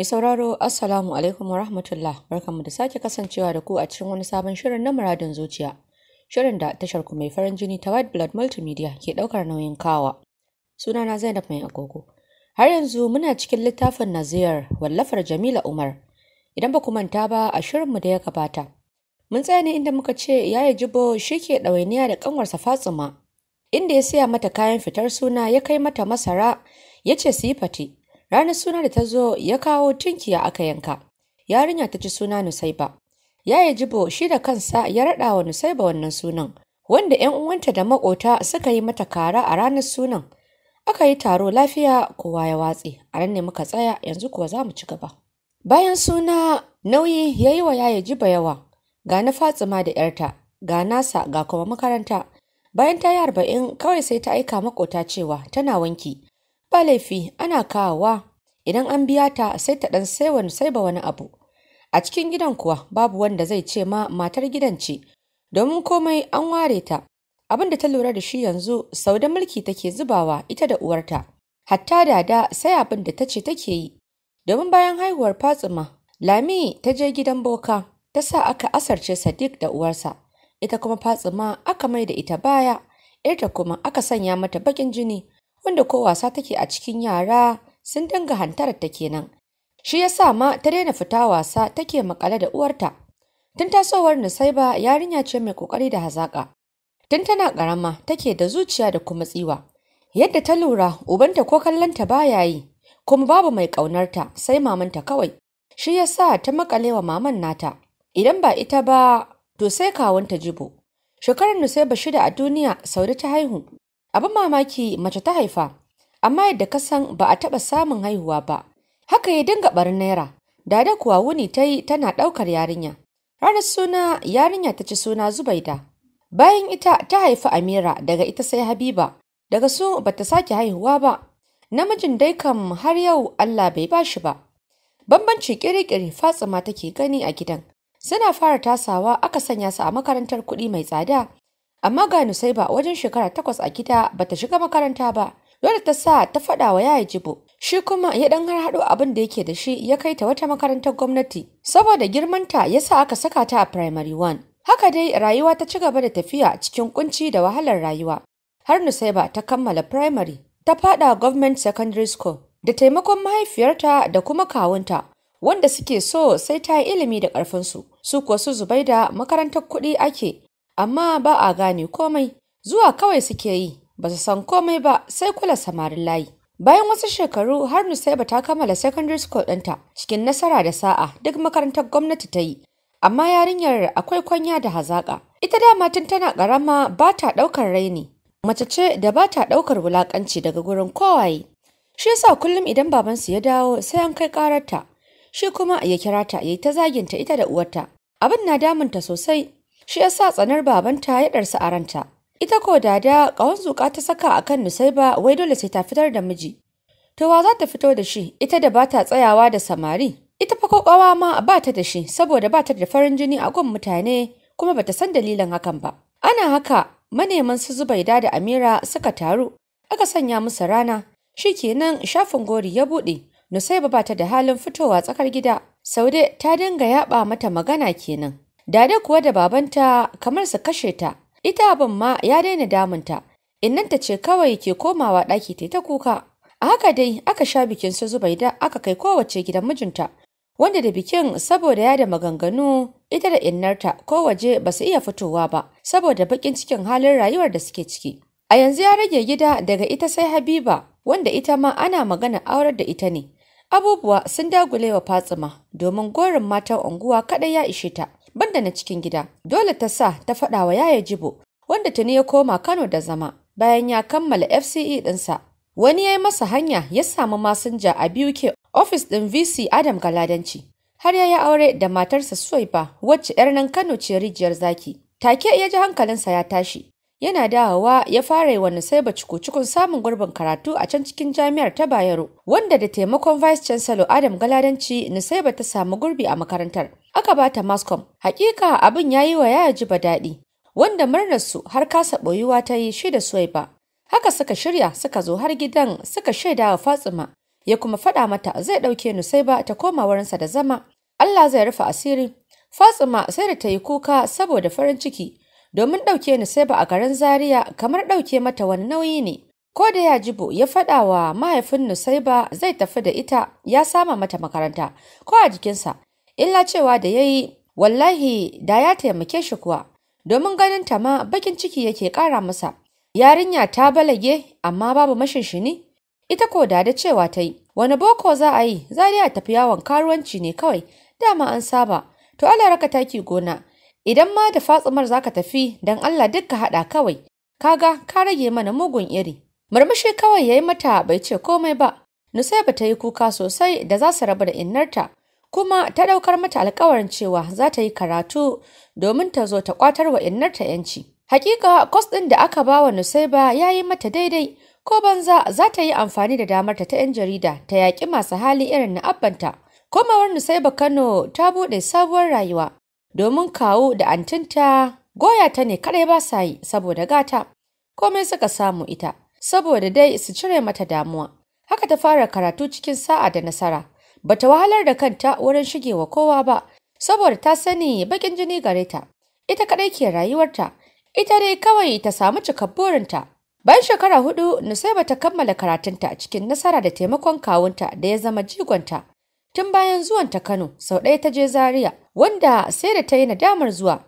Mai sauraro Assalamu alaikum wa rahmatullah barkanmu da sake kasancewa da ku a cikin wani sabon shirin na muradin zuciya. Shirin da tashar ku mai farin jini ta White Blood Multimedia ke ɗaukar nauyin kawa. Suna na Zainab Mai Agogo. Har yanzu muna cikin littafin Nazir wallafar Jamila Umar. Idan ba ku manta ba a shirinmu da ya gabata. Mun tsaya ne inda muka ce yi jibo shi ke ɗawainiya da ƙanwarsa Fatsima. Inda ya siya mata kayan fitar suna ya kai mata masara ya ce su yi fati Ranar suna da ta zo ya kawo tunkiya aka yanka. Yarinya ta ci suna Nusaiba. Ya yi Jibo shi da kansa ya raɗa wa Nusaiba wannan sunan, wanda 'yan uwanta da maƙota suka yi mata kara a ranar sunan. Aka yi taro lafiya kowa ya watse, a nan ne muka tsaya yanzu kuwa za mu ci gaba. Bayan suna nauyi ya yi wa yaya Jibo yawa, ga na Fatsima da 'yarta, ga nasa ga kuma makaranta. Bayan ta yi arba'in kawai sai ta aika makota cewa tana wanki, ba laifi ana kawowa idan an biya ta sai ta dan sai wani sai ba wani abu a cikin gidan kuwa babu wanda zai ce ma matar gidan ce domin komai an ware ta abin da ta lura da shi yanzu sau da mulki take zubawa ita da uwarta hatta dada sai abin da ta ce take yi domin bayan haihuwar fatsima lami ta je gidan boka ta sa aka asarce sadiq da uwarsa ita kuma fatsima aka mai da ita baya irta kuma aka sanya mata bakin jini wanda ko wasa take a cikin yara sun danga hantarar ta kenan shi yasa ma ta daina fita wasa take makale da uwarta tun ta tasowar Nusaiba yarinya ce mai kokari da hazaka tun tana karama take da zuciya da kuma tsiwa yadda ta lura ubanta ko kallonta baya yi kuma babu mai ƙaunarta sai mamanta kawai shi yasa ta makalewa maman nata idan ba ita ba to sai kawunta jibo shekarar Nusaiba shida a duniya Saude ta haihu abin mamaki mace ta haifa amma yadda ka san ba a taɓa samun haihuwa ba haka ya dinga barin naira dada kuwa wuni ta yi tana ɗaukar yarinya ranar suna yarinya ta ci suna zubaida bayan ita ta haifi amira daga ita sai habiba daga su ba bata sake haihuwa ba namijin dai kam har yau allah bai ba shi ba bambanci kirikiri fatsima take gani a gidan suna fara tasawa aka sanya su a makarantar kuɗi mai tsada Amma ga Nusaiba wajen shekara takwas a gida ba ta shiga makaranta ba. Dole ta sa ta faɗa wa yaya Jibo. Shi kuma ya ɗan har haɗo abin da yake da shi ya kai ta wata makarantar gwamnati. Saboda girmanta ya sa aka saka ta a primary one. Haka dai rayuwa ta ci gaba da tafiya cikin kunci da wahalar rayuwa. Har Nusaiba ta kammala primary. Ta faɗa government secondary school. Da taimakon mahaifiyarta da kuma kawunta. wanda suke so sai ta yi ilimi da ƙarfinsu su kuwa su zubai da makarantar kuɗi ake amma ba a gane komai zuwa kawai suke yi ba su san komai ba sai kula samarin layi bayan wasu shekaru har nusaiba ta kammala secondary school ɗinta cikin nasara da sa'a duk makarantar gwamnati ta yi amma yarinyar akwai kwanya da hazaƙa ita dama tun tana ƙarama ba ta ɗaukar raini mace ce da ba ta ɗaukar wulaƙanci daga gurin kowaye shi yasa kullum idan babansu ya dawo sai an kai ƙararta shi kuma ya kira ta ya yi ta zaginta ita da uwarta abin na damunta sosai shi ya sa tsanar babanta ya ɗarsa a ranta. Ita ko dada ƙawan zuƙa ta saka a kan Nusaiba wai dole sai ta fitar da miji. To wa za ta fito da shi ita da ba ta tsayawa da samari. Ita fa ƙwaƙwawa ma ba ta da shi saboda ba ta da farin jini a gun mutane kuma ba ta san dalilin hakan ba. Ana haka maneman su Zubaida da Amira suka taru aka sanya musu rana shi kenan shafin gori ya buɗe. Nusaiba ba ta da halin fitowa tsakar gida. Saude ta dinga yaɓa mata magana kenan. Dada kuwa da babanta kamar su kashe ta, ita abin ma ya daina damunta, innanta ce kawai ke komawa ɗaki ta ta kuka. A haka dai aka sha bikin su Zubaida aka kai kowace gidan mijinta, wanda da bikin saboda ya da maganganu ita da innarta ko waje ba su iya fitowa ba saboda bakin cikin halin rayuwar da suke ciki. A yanzu ya rage gida daga ita sai Habiba wanda ita ma ana magana aurar da ita ne. Abubuwa sun dagule wa Fatsima domin gorin matan unguwa kaɗai ya ishe ta. banda na cikin gida dole ta sa ta faɗa wa yaya jibo wanda tuni ya koma kano da zama bayan ya kammala fce ɗinsa wani ya yi masa hanya ya samu masinja a biyu ke? ofis ɗin vc adam galadanci har ya yi aure da matarsa suwaiba wacce 'yar nan kano ce rijiyar zaki take ya ji hankalinsa ya tashi yana dawowa ya fara yi wa Nusaiba cuku-cukun samun gurbin karatu a can cikin jami'ar ta Bayero wanda da taimakon Vice Chancellor Adam Galadanci Nusaiba ta samu gurbi a makarantar. Aka ba ta Mascom. Hakika abin ya yi wa yaya ba daɗi wanda murnarsu har kasa ɓoyuwa ta yi shi da Suwaiba. Haka suka shirya suka zo har gidan suka shaida wa Fatsima ya kuma faɗa mata zai ɗauke Nusaiba ta koma wurinsa da zama. Allah zai rufe asiri. Fatsima sai da ta yi kuka saboda farin ciki domin ɗauke ni sai ba a garin Zaria kamar ɗauke mata wani nauyi ne. Ko da ya Yajibu ya faɗa wa mahaifin Nusaiba zai tafi da ita ya sama mata makaranta ko a jikinsa, illa cewa da ya yi wallahi da ya taimake shi kuwa, domin ganin ta ma bakin ciki yake ƙara masa. Yarinya ta balage amma babu ne. ita ko da da cewa ta yi, wani boko za a yi, Zariya tafi yawon karuwanci ne kawai, dama an saba, to Allah raka taki gona, Idan ma da Fatsumar za ka tafi don Allah duk haɗa kawai, kaga ka rage mana mugun iri. Murmushi kawai ya yi mata bai ce komai ba, ba ta yi kuka sosai da za su rabu da innarta, kuma ta ɗaukar mata alkawarin cewa za ta yi karatu domin ta zo ta ƙwatar wa innarta ‘yanci. Hakika kwas ɗin da aka ba wa Nusaiba ya yi mata daidai, ko banza za ta yi amfani da damarta ta ‘yan jarida ta yaƙi masu hali irin na abbanta. Komawar Nusaiba Kano ta buɗe sabuwar rayuwa, domin kawo da antinta goya ta ne kadai ba sa yi saboda gata komai suka samu ita saboda dai su cire mata damuwa haka ta fara karatu cikin sa'a da nasara Ba ta wahalar da kanta wurin shigewa kowa ba saboda ta sani bakin jini gare ta ita kadai ke rayuwarta ita dai kawai ta samu cikabburinta bayan shekara hudu nusaiba ta kammala karatunta cikin nasara da taimakon kawunta da ya zama jigonta tun bayan zuwanta kano sau ɗaya ta je zaria wanda sai da ta yi nadamar zuwa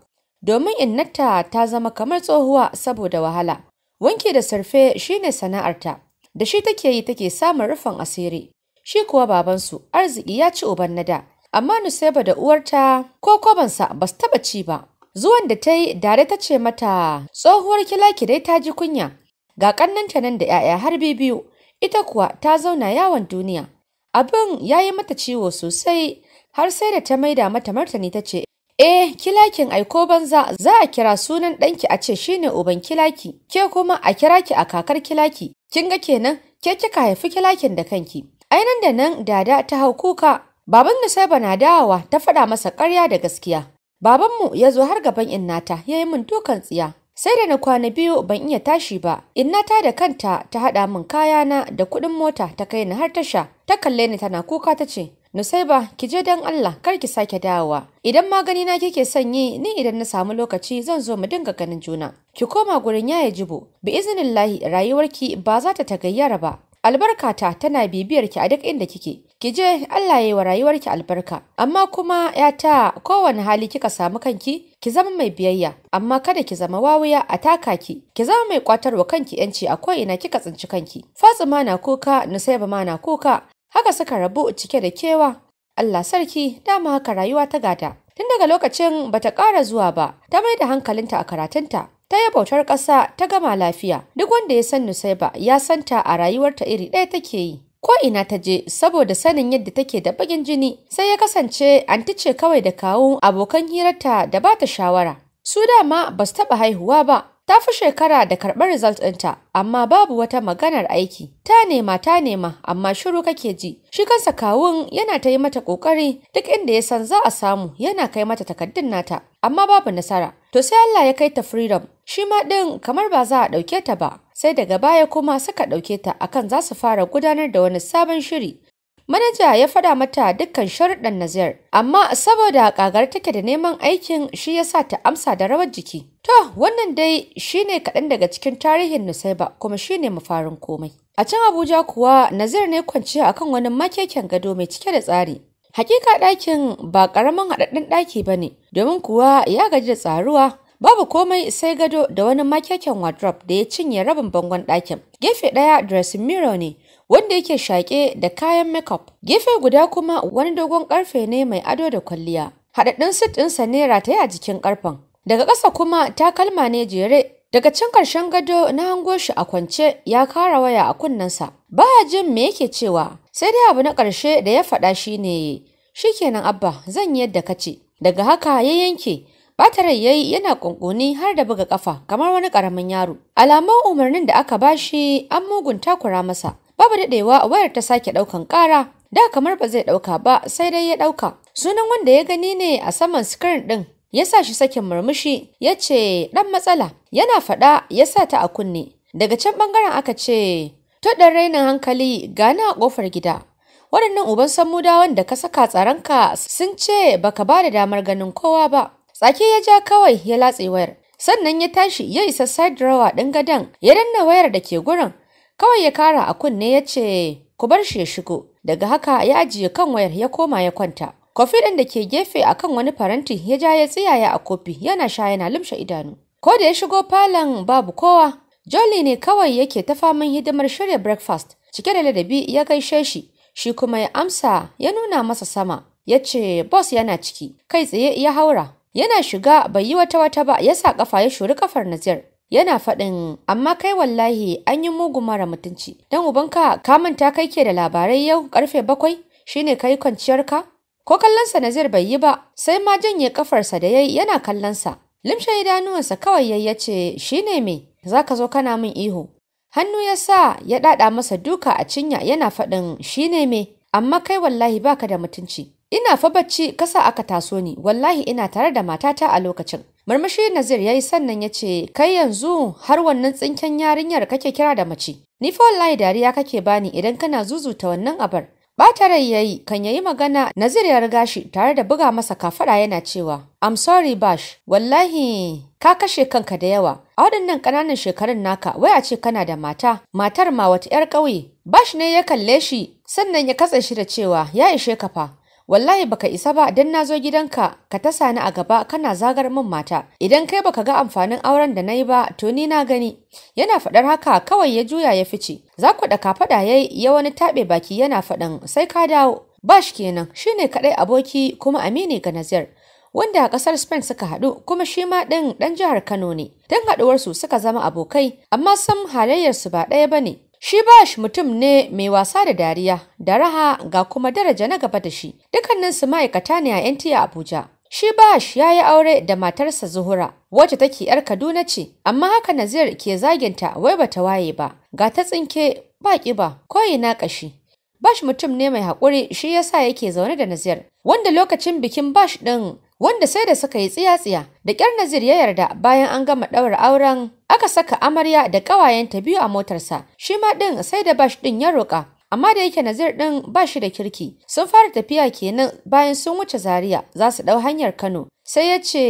domin innata ta zama kamar tsohuwa saboda wahala Wanki da sarfe ne sana'arta da shi take yi take samun rufin asiri shi kuwa babansu arziki ya ci uban nada amma Nuseba da uwarta ko kwabansa ba su taba ci ba zuwan da ta yi dare ta ce mata tsohuwar kilaki dai ta ji kunya ga kannanta nan da 'ya'ya har biyu ita kuwa ta zauna yawon duniya abin ya yi mata ciwo sosai har sai da ta maida mata martani ta ce eh kilakin aiko banza za a kira sunan ɗanki a ce shine uban kilaki ke kuma a kira ki a kakar kilaki kin ga kenan ke kika haifi kilakin da kanki ainan da nan dada ta hau kuka baban sai bana dawowa ta faɗa masa ƙarya da gaskiya babanmu ya zo har gaban innata ya yi min dukan tsiya sai da na kwana biyu ban iya tashi ba innata da kanta ta haɗa min kayana da kuɗin mota ta kai ni har tasha ta kalle ni tana kuka ta ce Nusaiba, ki je dan Allah, kar ki sake dawowa. Idan magani na kike son yi, ni idan na samu lokaci zan zo mu dinga ganin juna. Ki koma gurin yaya jibo, bi izinillahi rayuwarki ba za ta tagayyara ba. Albarkata tana bibiyar ki a duk inda kike. Ki je Allah ya yi wa rayuwarki albarka. Amma kuma ya yata kowane hali kika samu kanki, ki zama mai biyayya, amma kada ki zama wawuya a taka ki. Ki zama mai kwatarwa kanki yanci a ina kika tsinci kanki. Fatsuma na kuka, Nusaiba ma na kuka, haka suka rabu cike da kewa Allah sarki dama haka rayuwa ta gada tun daga lokacin bata ƙara zuwa ba ta mai da hankalinta a karatunta ta yi bautar ƙasa ta gama lafiya duk wanda ya san Nusaiba ya santa a rayuwarta iri ɗaya take yi ko ina ta je saboda sanin yadda take da bakin jini sai ya kasance anti ce kawai da kawu abokan hirarta da bata shawara su dama ba su taɓa haihuwa ba ta fi shekara da karɓar result ɗinta amma babu wata maganar aiki ta nema ta nema amma shiru kake ji shi kansa kawun yana ta yi mata ƙoƙari duk inda ya san za a samu yana kai mata takardun nata amma babu nasara to sai Allah ya kai ta freedom shi ma ɗin kamar ba za a ɗauke ta ba sai daga baya kuma suka ɗauke ta akan za su fara gudanar da wani sabon shiri Manaja ya fada mata dukkan sharuɗan Nazir, amma saboda ƙagar take da neman aikin shi ya sa ta amsa da rawar jiki. To, wannan dai shi ne kaɗan daga cikin tarihin Nusaiba kuma shi ne mafarin komai. A can Abuja kuwa Nazir ne a kan wani makeken gado mai cike da tsari. Hakika ɗakin ba ƙaramin haɗaɗɗen ɗaki ba ne, domin kuwa ya gaji da tsaruwa Babu komai sai gado da wani makeken wardrobe da ya cinye rabin bangon ɗakin. Gefe ɗaya dressing mirror ne, wanda yake shaƙe da kayan makeup. Gefe guda kuma wani dogon ƙarfe ne mai ado da kwalliya. Haɗaɗɗun sit ɗinsa ne yi a jikin ƙarfen. Daga ƙasa kuma takalma ne jere. Daga can karshen gado na hango shi a kwance ya kara waya a kunnensa. Ba jin me yake cewa, sai dai abu na ƙarshe da ya faɗa shi ne, shikenan abba zan yi yadda ka ce. Daga haka ya yanke, Batarai ya yi yana ƙunƙuni har da buga ƙafa kamar wani ƙaramin yaro. Alamun umarnin da aka bashi an mugun kura masa, Babu daɗewa wayar ta sake ɗaukan ƙara, da kamar ba zai ɗauka ba sai dai ya ɗauka. Sunan wanda ya gani ne a saman sikirin ɗin ya sa shi sakin murmushi ya ce ɗan matsala yana faɗa ya sa ta a kunne. Daga can ɓangaren aka ce to ɗan rainin hankali gana a ƙofar gida. Waɗannan uban san sammudawan da ka saka tsaronka sun ce baka ba da damar ganin kowa ba. Tsaki ya ja kawai ya latse wayar. sannan ya tashi ya isa side drawer ɗin gadon ya danna wayar da ke gurin Kawai ya kara a kunne ya ce, ku bar shi ya shigo. Daga haka ya ajiye kan wayar ya koma ya kwanta. Kofi ɗin da ke gefe a kan wani faranti ya ja ya tsiyaya a kofi yana sha yana limshe idanu. Ko da ya shigo falon babu kowa, Jolly ne kawai yake ta faman hidimar shirya breakfast. Cike da ladabi ya gaishe shi, shi kuma ya amsa ya nuna masa sama. Ya ce, "Boss yana ciki." Kai tsaye ya haura. Yana shiga bai yi wata wata ba, ya sa kafa ya shuri kafar Nazir. yana faɗin amma kai wallahi an yi mugu mara mutunci dan ubanka ka manta kai ke da labarai yau karfe bakwai shine kai kwanciyarka ko kallonsa Nazir bai yi ba sai ma janye kafarsa da yayi yana kallonsa limshe idanuwansa kawai yayi ce shine me Za ka zo kana min ihu hannu ya sa ya dada masa duka a cinya yana faɗin shine me amma kai wallahi baka da mutunci ina fa bacci kasa aka taso ni wallahi ina tare da matata a lokacin marmashi Nazir ya yi sannan ya ce, Kai yanzu har wannan tsinken yarinyar kake kira da mace. Ni fa wallahi dariya kake bani idan kana zuzuta wannan abar. Ba ta rai ya yi, kan yayi magana Nazir ya riga shi tare da buga masa kafaɗa yana cewa, I'm sorry Bash, wallahi ka kashe kanka da yawa. A waɗannan ƙananan shekarun naka, wai a ce kana da mata, matar ma wata 'yar ƙauye. Bash ne ya kalle shi, sannan ya katse shi da cewa, ya ishe ka fa. wallahi baka isa ba dan na zo gidanka ka tasa ni a gaba kana zagar min mata idan kai baka ga amfanin auren da nayi ba to ni na gani yana faɗar haka kawai ya juya ya fice za ku da kafaɗa ya yayi ya wani taɓe baki yana faɗin sai ka dawo bash kenan shine kadai aboki kuma amini ga nazir wanda a kasar Spain suka hadu kuma shi ma ɗin ɗan jihar Kano ne. haduwar haɗuwarsu suka zama abokai, amma sam halayyarsu ba daya bane. Shi Bash mutum ne mai wasa da dariya, da raha ga kuma daraja na gaba da shi. su ma'aikata ne a NTA Abuja. Shi Bash ya yi aure da matarsa Zuhura, wacce take ‘yar Kaduna ce, amma haka Nazir ke zaginta wai bata waye ba, ga ta tsinke ba ƙiba, ko'ina ƙashi. Bash mutum ne mai haƙuri shi yasa yake zaune da Nazir, wanda lokacin bikin Bash ɗin wanda sai da suka yi tsiya-tsiya da ƙyar Nazir ya yarda bayan an gama ɗaura auren aka saka amarya da ƙawayenta biyu a motarsa shi ma ɗin sai da bash ɗin ya roƙa amma da yake Nazir ɗin ba shi da kirki sun fara tafiya kenan bayan sun wuce Zaria za su ɗau hanyar Kano sai ya ce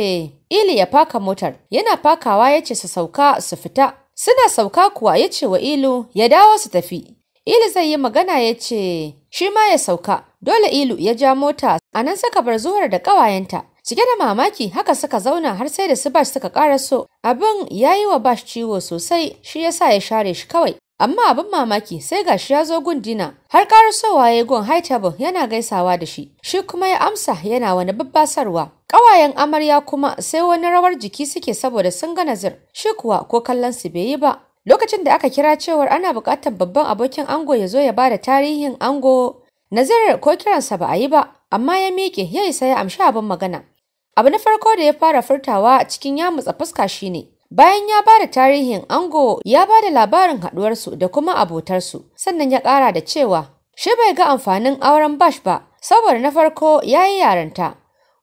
Ili ya faka motar yana fakawa ya ce su sauka su fita suna sauka kuwa ya ce wa Ilu ya dawo su tafi Ili zai yi magana ya ce shi ma ya sauka dole Ilu ya ja mota a nan saka barzuwar da ƙawayenta Cike da mamaki haka suka zauna har sai da su Bash suka so Abin ya yi wa Bash ciwo sosai shi ya sa ya share shi kawai. Amma abin mamaki sai gashi ya zo gun dina har karasowa ya gun table yana gaisawa da shi. Shi kuma ya amsa yana wani babbasarwa. Ƙawayen amarya kuma sai wani rawar jiki suke saboda sun ga nazir. Shi kuwa ko kallon su bai yi ba. Lokacin da aka kira cewar ana buƙatar babban abokin ango ya zo ya bada tarihin ango Nazir ko kiransa ba a yi ba, amma ya miƙe ya isa ya amshi abin magana. Abu na farko da ya fara furtawa cikin ya mutsa fuska shine Bayan ya ba da tarihin ango ya ba da labarin haɗuwarsu da kuma abotarsu, sannan ya ƙara da cewa, shi bai ga amfanin auren bash ba, saboda na farko ya yi yaranta,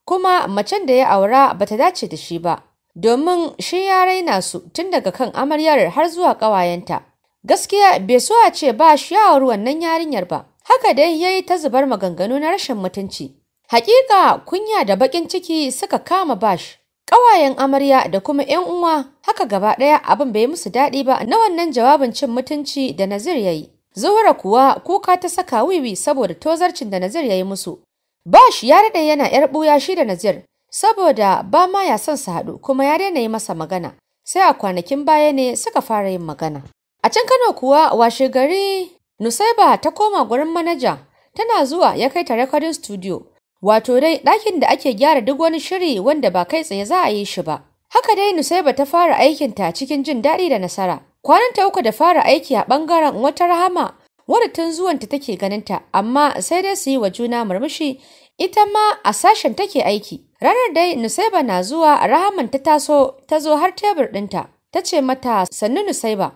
kuma macen da ya aura ba ta dace da shi ba, domin shi ya raina su tun daga kan amaryar har zuwa ƙawayenta. Gaskiya bai so a ce ba shi ya auri wannan yarinyar ba, haka dai ya yi ta zubar maganganu na rashin mutunci. Hakika kunya da bakin ciki suka kama Bash. Ƙawayen amarya da kuma ‘yan uwa haka gaba ɗaya abin bai musu daɗi ba na wannan jawabin cin mutunci da Nazir ya yi. Zuhura kuwa kuka ta saka wiwi saboda tozarcin da Nazir ya yi musu. Bash ya daɗe yana ‘yar buya shi da Nazir saboda ba ma ya son su haɗu kuma ya daina yi masa magana. Sai a kwanakin baya ne suka fara yin magana. A can Kano kuwa washe gari Nusaiba ta koma gurin manaja tana zuwa ya kai ta recording studio Wato dai ɗakin da ake gyara duk wani shiri wanda ba kai tsaye za a yi shi ba. Haka dai Nusaiba ta fara aikin ta cikin jin daɗi da nasara. kwanan ta uku da fara aiki a ɓangaren wata rahama wadda tun zuwanta take ganin ta amma sai dai su yi wa juna murmushi ita ma a sashen take aiki. Ranar dai Nusaiba na zuwa rahaman ta taso ta zo har tebur ɗinta ta ce mata sannu Nusaiba.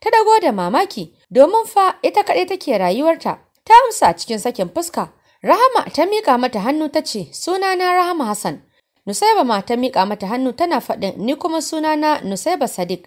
Ta dago da mamaki domin fa ita kaɗai take rayuwarta ta amsa cikin sakin fuska Rahama ta miƙa mata hannu ta ce, Sunana Rahama Hassan. Nusaiba ma ta miƙa mata hannu tana faɗin, Ni kuma sunana Nusaiba Sadiq.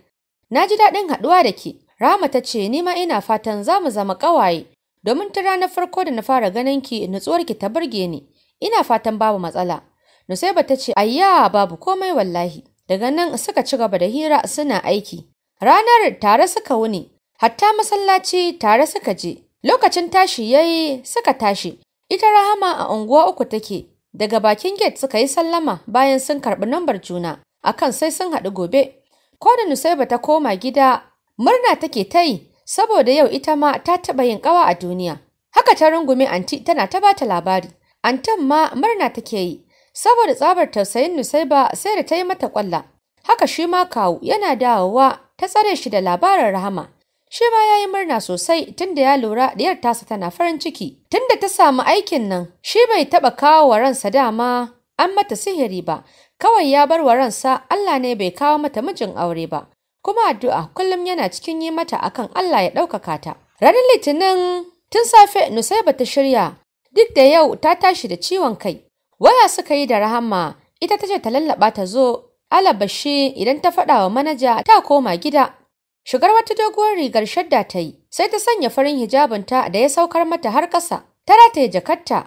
Na ji daɗin haɗuwa da ke. Rahama ta ce, Ni ma ina fatan za mu zama ƙawaye. Domin ta ranar farko da na fara ganin ki nutsuwar ki ta burge ni. Ina fatan babu matsala. Nusaiba ta ce, Ayya babu komai wallahi. Daga nan suka ci gaba da hira suna aiki. Ranar tare suka wuni, hatta masallaci tare suka je. Lokacin tashi yayi suka tashi. Ita Rahama a unguwa uku take, daga bakin gate suka yi sallama bayan sun karbi nambar juna, akan sai sun haɗu gobe. Ko da Nusaiba ta koma gida, murna take ta yi, saboda yau ita ma ta taɓa yin ƙawa a duniya. Haka ta rungume anti tana ta bata labari. Antan ma murna take yi, saboda tsabar tausayin Nusaiba sai da ta yi mata ƙwalla. Haka shi ma kawu yana dawowa ta tsare shi da labarin Rahama. Shi ma ya yi murna sosai tunda ya lura ɗiyar tasa tana farin ciki. Tunda ta samu aikin nan, shi bai taɓa kawo wa ransa dama an mata sihiri ba, kawai ya bar wa ransa Allah ne bai kawo mata mijin aure ba. Kuma addu'a kullum yana cikin yi mata akan Allah ya ɗaukaka ta. Ranar Litinin tun safe Nusaiba ta shirya duk da yau ta tashi da ciwon kai. Waya suka yi da Rahama ita ta ce ta lallaɓa ta zo ala bashi, idan ta faɗa wa manaja ta koma gida Shigar wata doguwar rigar shadda ta yi, sai ta sanya farin hijabinta da ya saukar mata har ƙasa, ta rataye jakarta.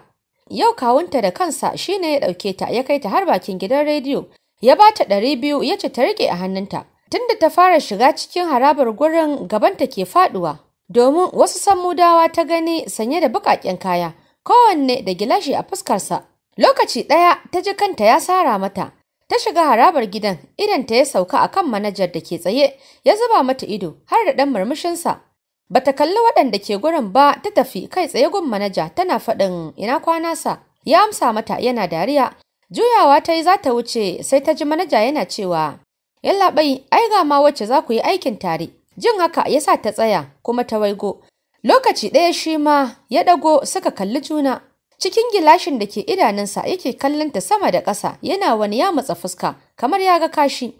Yau kawunta da kansa shi ne ya ɗauke ta ya kai ta har bakin gidan rediyo, ya ba ta ɗari biyu ya ce ta riƙe a hannunta. Tunda ta fara shiga cikin harabar gurin gabanta ke faɗuwa, domin wasu san mudawa ta gani sanye da buƙaƙen kaya, kowanne da gilashi a fuskarsa. Lokaci ɗaya ta ji kanta ya sara mata, Ta shiga harabar gidan, idan ta ya sauka a kan manajar da ke tsaye, ya zuba mata ido har da ɗan murmushinsa. Ba ta kalli waɗanda ke gurin ba ta tafi kai tsaye gun manaja tana faɗin ina kwana sa. Ya amsa mata yana dariya. Juyawa ta yi za ta wuce sai ta ji manaja yana cewa, Yalla bai, ai ga ma wacce za ku yi aikin tare. Jin haka ya sa ta tsaya kuma ta waigo. Lokaci ɗaya shi ma ya ɗago suka kalli juna. cikin gilashin da ke idanunsa yake kallon ta sama da ƙasa yana wani ya matsa fuska kamar ya ga kashi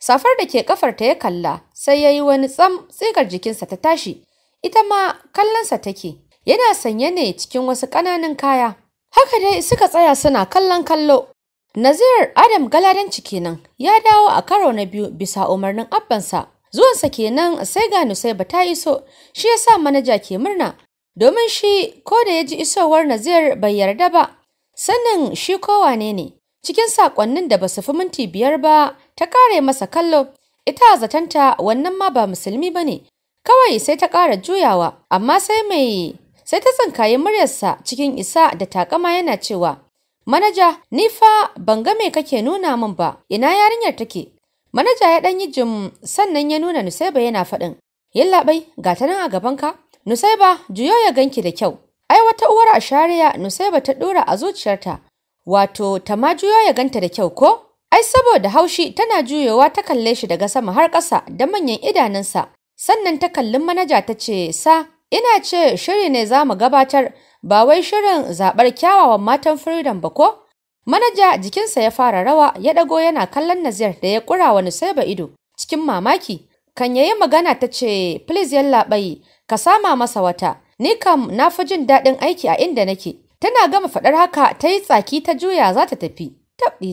safar da ke ƙafarta ya kalla sai ya yi wani tsam tsigar jikinsa ta tashi ita ma kallonsa take yana sanye ne cikin wasu ƙananan kaya haka dai suka tsaya suna kallon kallo Nazir Adam Galadanci kenan ya dawo a karo na biyu bisa umarnin abbansa. Zuwansa kenan sai ga ba ta iso, shi ya sa manaja ke murna domin shi ko da ya ji isowar Nazir bai yarda ba, sannan shi kowane ne, cikin saƙonnin da ba su fi minti biyar ba ta kare masa kallo, ita zatanta wannan ma ba musulmi ba ne, kawai sai ta ƙara juyawa, amma sai mai sai ta tsinkaye muryarsa cikin isa da takama yana cewa, Manaja, ni fa ban ga me kake nuna min ba, ina yarinyar take? Manaja ya ɗan yi jim sannan ya nuna Nusaiba yana faɗin, Yallaɓai, ga ta nan a gabanka? Nusaiba, juyo ya ganki da kyau. Ai wata uwar a shariya Nusaiba ta ɗora a zuciyarta. Wato, ta ma juyo ya ganta da kyau ko? Ai saboda haushi tana juyowa ta kalle shi daga sama har ƙasa da manyan idanunsa. Sannan ta kallin manaja ta ce, "Sa, ina ce shiri ne za mu gabatar, ba wai shirin zaɓar kyawawan matan Freedom ba ko?" Manaja jikinsa ya fara rawa, ya ɗago yana kallon Nazir da ya ƙura wa Nusaiba ido cikin mamaki. Kan yayi magana ta ce, "Please yallaɓai, ka sama masa wata ni kam na fi jin daɗin aiki a inda nake tana gama faɗar haka ta yi tsaki ta juya za ta tafi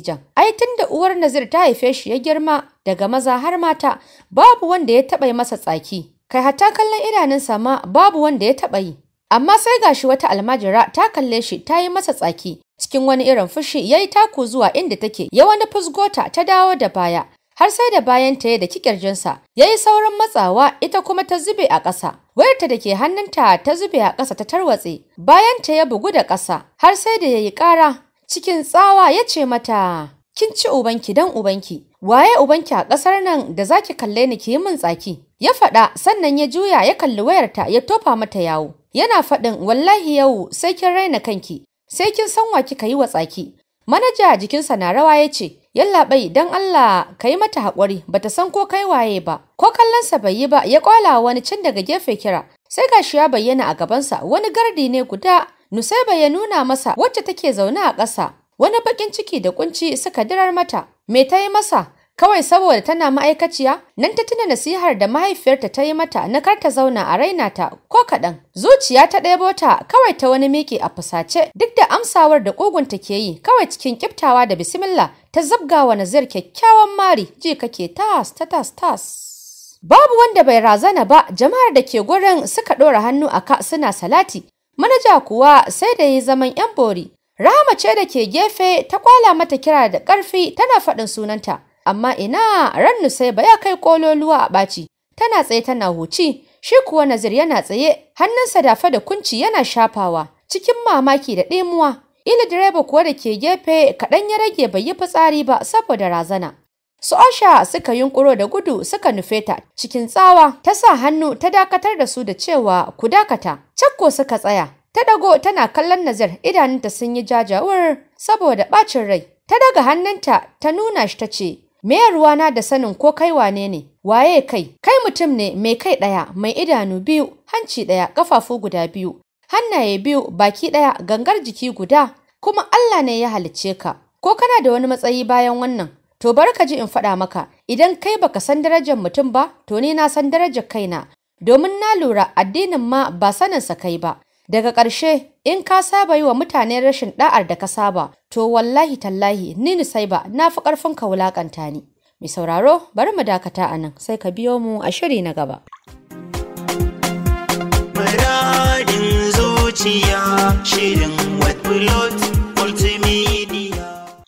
jan. ai tun da uwar Nazir ta haife shi ya girma daga maza har mata babu wanda ya taɓa yi masa tsaki kai hatta kallon idanunsa ma babu wanda ya taɓa yi amma sai gashi wata almajira ta kalle shi ta yi masa tsaki cikin wani irin fushi ya yi taku zuwa inda take ya wani fusgota ta dawo da baya har sai da bayan ta da kikirjinsa ya yi sauran matsawa ita kuma ta zube a ƙasa. Wayarta da ke hannunta ta zube a ƙasa ta tarwatse, bayan ta ya bugu da ƙasa har sai da ya yi ƙara cikin tsawa ya ce mata, Kin ci ubanki dan ubanki, waye ubanki a ƙasar nan da zaki kalle ni ki yi min tsaki. Ya faɗa sannan ya juya ya kalli wayarta ya tofa mata yawo. Yana faɗin wallahi yau sai kin raina kanki, sai kin san wa kika yi wa tsaki. Manaja jikinsa na rawa ya ce, yallaɓai don Allah kai mata hakuri bata san ko kai waye ba ko kallonsa bai yi ba ya kwala wani cin daga gefe kira sai gashi ya bayyana a gabansa wani gardi ne guda Nusaiba ya nuna masa wacce take zaune a ƙasa wani baƙin ciki da kunci suka dirar mata me tayi masa kawai saboda tana ma'aikaciya nan ta tuna nasihar da mahaifiyarta ta yi mata na kar ta zauna a raina ta ko kaɗan zuciya ta ɗebo ta kawai ta wani miƙe a fusace duk da amsawar da ƙugunta ke yi kawai cikin kiftawa da bisimilla ta zabga wa nazir kyakkyawan mari ji kake tas ta tas tas Babu wanda bai razana ba jama'ar da ke gurin suka ɗora hannu a ka suna salati, manaja kuwa sai da yi zaman ‘yan bori. Rahama ce da ke gefe ta kwala mata kira da ƙarfi tana faɗin sunanta. amma ina ran Nusaiba ya kai kololuwa a ɓaci, tana tsaye tana huci, shi kuwa Nazir yana tsaye, hannunsa dafa da kunci yana shafawa, cikin mamaki da ɗemuwa Ila direba kuwa da ke gefe kaɗan ya rage bai yi fitsari ba saboda razana. Su Osha suka yunkuro da gudu suka nufe ta cikin tsawa ta sa hannu ta dakatar da su da cewa ku dakata. Cakko suka tsaya. Ta dago tana kallon Nazir idanunta sun yi jajawar saboda ɓacin rai. Ta daga hannunta ta nuna shi ta ce Me ruwana da sanin ko kai wane ne? Waye kai? Kai mutum ne mai kai ɗaya, mai idanu biyu, hanci ɗaya, ƙafafu guda biyu, hannaye biyu, baki ɗaya, gangar jiki guda, kuma Allah ne ya halicce ka. Ko kana da wani matsayi bayan wannan? To bar ka ji in faɗa maka, idan kai baka san darajar mutum ba, to ni na san darajar kaina, domin na lura addinin ma ba saninsa kai ba. Daga ƙarshe, in ka saba yi wa mutane rashin ɗa'ar da ka saba, to wallahi tallahi ni ni sai ba na fi ƙarfin ka wulaƙanta ni. Mai sauraro, bari mu dakata a nan sai ka biyo mu a shiri na gaba. Muradin zuciya shirin wet ultimate